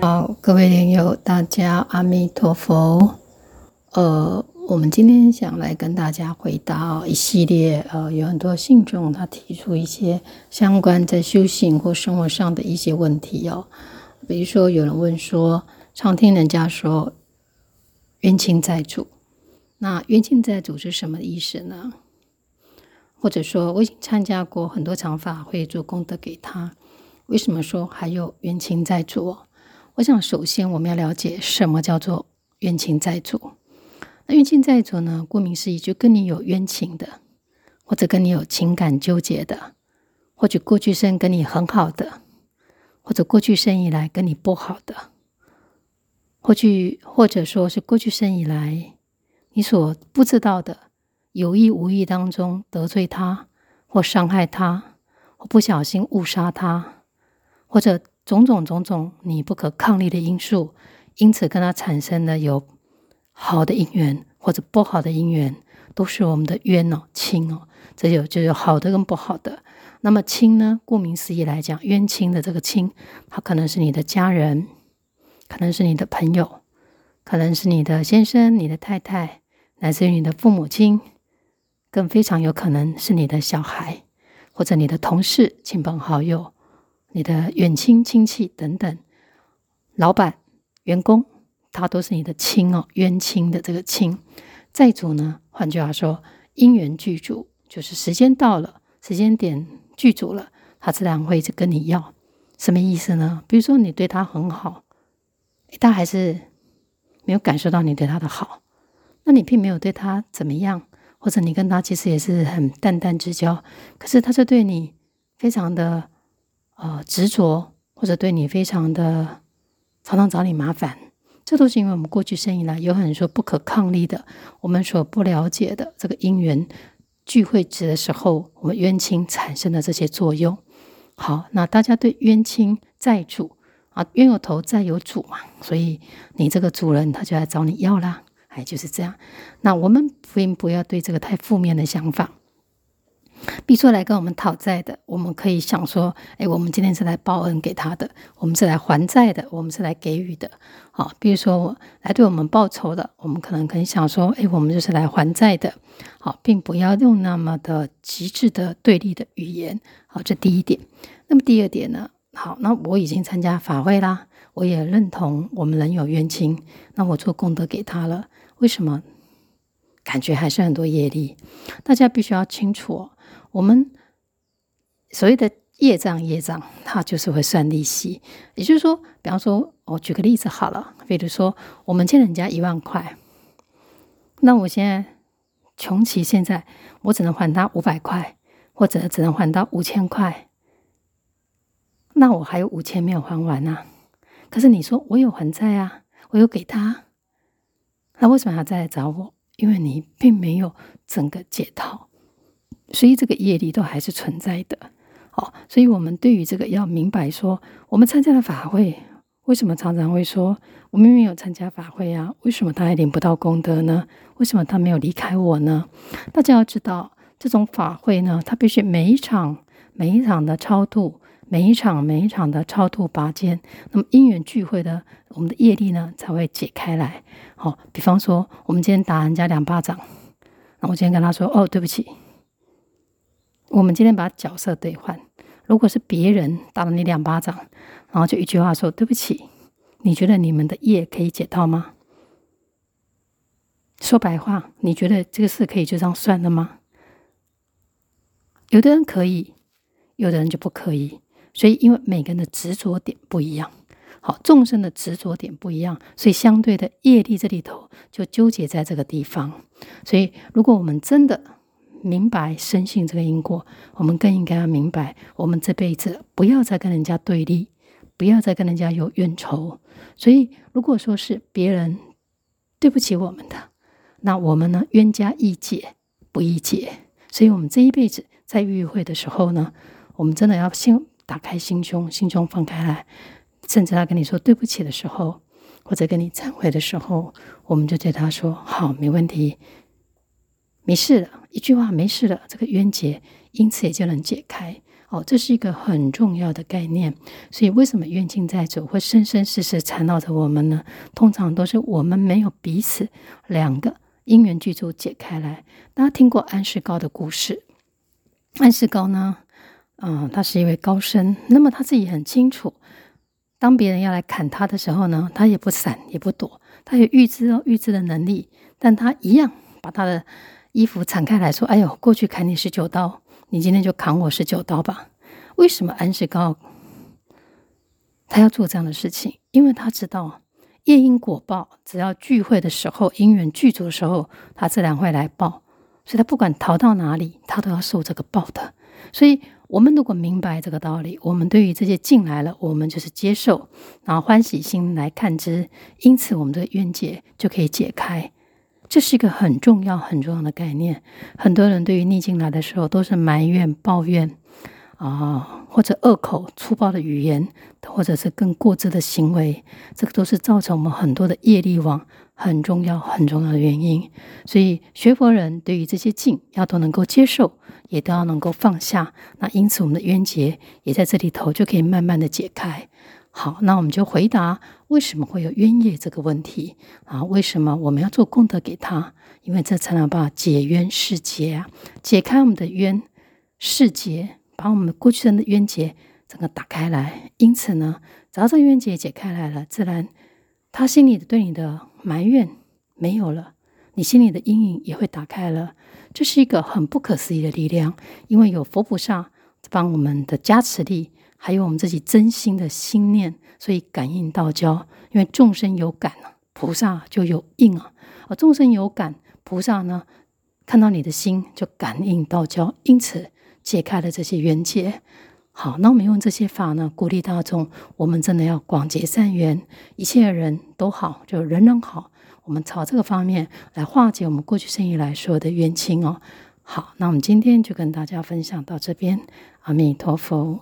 好，各位朋友，大家阿彌陀佛。呃，我們今天想來跟大家回答一系列呃，有很多信眾他提出一些相關在修行或生活上的一些問題哦。比如說，有人問說，常聽人家說冤親債主，那冤親債主是什麼意思呢？或者說，我已經參加過很多場法會做功德給他，為什麼說還有冤親債主？我想，首先，我們要了解什麼叫做冤親債主。那冤親債主呢？顧名思義，就跟你有冤情的，或者跟你有情感糾結的，或者過去生跟你很好的，或者過去生以來跟你不好的，或者或者說是過去生以來你所不知道的，有意無意當中得罪他，或傷害他，或不小心誤殺他，或者，種種種種，你不可抗力的因素，因此跟他產生的有好的因緣或者不好的因緣，都是我們的冤哦、親哦。這就就有好的跟不好的。那麼親呢？顧名思義來講，冤親的這個親，他可能是你的家人，可能是你的朋友，可能是你的先生、你的太太，乃至於你的父母親，更非常有可能是你的小孩，或者你的同事、親朋好友，你的遠親親戚等等，老板、員工，他都是你的親哦，冤親的這個親債主呢。換句話說，因緣具足，就是時間到了，時間點具足了，他自然會跟你要。什麼意思呢？比如說你對他很好，他還是沒有感受到你對他的好，那你並沒有對他怎麼樣，或者你跟他其實也是很淡淡之交，可是他是對你非常的。呃，執着或者對你非常的常常找你麻煩，這都是因為我們過去生以來，有很多不可抗力的，我們所不了解的這個因緣聚會值的時候，我們冤親產生的這些作用。好，那大家對冤親債主啊，冤有頭債有主嘛，所以你這個主人他就來找你要啦，哎，就是這樣。那我們並不要對這個太負面的想法。比如說來跟我們討債的，我們可以想說，誒、哎，我們今天是來報恩給他的，我們是來還債的，我們是來給予的。好，比如說來對我們報仇的，我們可能可以想說，誒、哎，我們就是來還債的。好，並不要用那麼的極致的對立的語言。好，這第一點。那麼第二點呢？好，那我已經參加法會啦，我也認同我們人有冤親。那我做功德給他了，為什麼感覺還是很多業力？大家必須要清楚。我們所謂的業障，業障它就是會算利息，也就是說，比方說，我舉個例子好了，比如說我們欠人家一萬塊，那我現在窮奇現在，我只能還他五百塊，或者只能還到五千塊，那我還有五千沒有還完呢，啊，可是你說我有還債啊，我有給他，那為什麼還要再來找我？因為你並沒有整個解套。所以這個業力都還是存在的，好，所以我們對於這個要明白說，我們參加了法會，為什麼常常會說我明明有參加法會啊？為什麼他還領不到功德呢？為什麼他沒有離開我呢？大家要知道，這種法會呢，他必須每一場每一場的超度，每一場每一場的超度拔尖，那麼因緣聚會的我們的業力呢才會解開來。好，比方說我們今天打人家兩巴掌，那我今天跟他說哦，對不起。我們今天把角色對換，如果是別人打了你兩巴掌，然後就一句話說：“對不起。”你覺得你們的業可以解套嗎？說白話，你覺得這個事可以就這樣算了嗎？有的人可以，有的人就不可以。所以，因為每個人的執着點不一樣，好，眾生的執着點不一樣，所以相對的業力這裡頭就糾結在這個地方。所以，如果我們真的，明白深信這個因果，我們更應該要明白，我們這輩子不要再跟人家對立，不要再跟人家有怨仇。所以，如果說是別人對不起我們的，那我們呢，冤家宜解不宜結。所以，我們這一輩子在與會的時候呢，我們真的要先打開心胸，心胸放開來。甚至他跟你說對不起的時候，或者跟你懺悔的時候，我們就對他說：“好，沒問題。”沒事的一句話，沒事了，這個冤結因此也就能解開。哦，這是一個很重要的概念。所以，為什麼冤親債主會生生世世纏繞着我們呢？通常都是我們沒有彼此兩個因緣具足解開來。大家聽過安世高的故事？安世高呢，嗯、呃，他是一位高僧。那麼他自己很清楚，當別人要來砍他的時候呢，他也不閃也不躲，他有預知哦預知的能力，但他一樣把他的。衣服敞開來說：“哎呦，過去砍你十九刀，你今天就砍我十九刀吧。”為什麼安世高他要做這樣的事情？因為他知道業因果報，只要聚會的時候因緣具足的時候，他自然會來報。所以他不管逃到哪裡，他都要受這個報的。所以，我們如果明白這個道理，我們對於這些進來了，我們就是接受，然後歡喜心來看之，因此我們的冤結就可以解開。這是一個很重要、很重要的概念。很多人對於逆境來的時候，都是埋怨、抱怨啊、呃，或者惡口、粗暴的語言，或者是更過激的行為，這個都是造成我們很多的業力網很重要、很重要的原因。所以，學佛人對於這些境要都能夠接受，也都要能夠放下。那因此，我們的冤結也在這裡頭就可以慢慢的解開。好，那我們就回答為什麼會有冤業這個問題啊？為什麼我們要做功德給他？因為這才能把解冤釋結啊，解開我們的冤釋結，把我們過去的冤結整個打開來。因此呢，只要這個冤結解開來了，自然他心裡對你的埋怨沒有了，你心裡的陰影也會打開了。這是一個很不可思議的力量，因為有佛菩薩幫我們的加持力。還有我們自己真心的心念，所以感應道交。因為眾生有感啊，菩薩就有應啊。而眾生有感，菩薩呢，看到你的心就感應道交，因此解開了這些冤結。好，那我們用這些法呢，鼓勵大眾，我們真的要廣結善緣，一切人都好，就人人好。我們朝這個方面來化解我們過去生以來說的冤親哦。好，那我們今天就跟大家分享到這邊。阿彌陀佛。